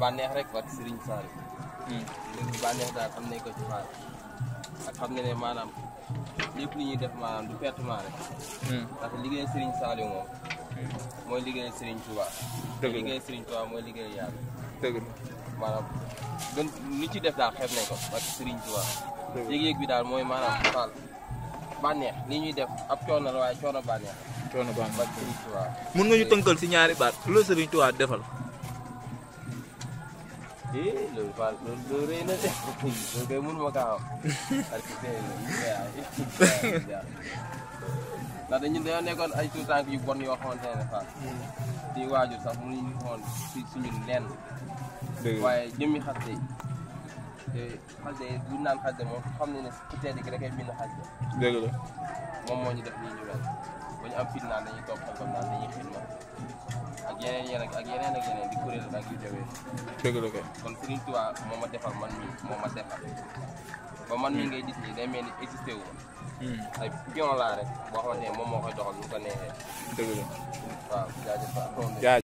bànneex rek wax Serigne Sall. Hmm. léegi daal xam nañ ko ci ak xam ne ne maanaam lépp lu ñuy def maanaam du pertement rek. Hmm. parce liggéey Serigne Sall moom. Hmm. mooy liggéey Serigne Touba. dëgg la liggéey Serigne Touba mooy liggéey yàlla. dëgg maanaam gën li ci def daal xeeb nañ ko wax Serigne Touba. dëgg yëg bi daal mooy maanaam Fall bànneex li ñuy def ab coono la waaye coono bànneex. coono bànneex wax Serigne Touba. mën nga ñu tënkal si ñaari baat loolu Serigne Touba defal. Eh, lu fal lu lu rena te. Lu ke mun ma kaw. Arkite ya. Ndax dañu dañoo nekkoon ay tout tànk yu bon yoo xamante ne fa. Di waajur sax mu ñu xool si suñu lenn. Waaye jëmmi xaste yi. Te xaste yi bu naan xaste moom xam ne ne ku tedd ki da koy bind xaste. Dëgg la. Moom moo ñu def nii ñu mel. Ba ñu am fit naan dañuy topp xel comme naan dañuy xil ma. nag ak yeneen ak yeneen di kuréel ak yu jawee. dëgg la kay kon Serigne Touba moo ma defar man mii moo a defar ba man mii ngay gis nii day mel ni existé wu ma. Hmm. ay pion laa rek boo xamante ne moom moo koy doxal lu ko neexee. dëgg la waaw jaajëf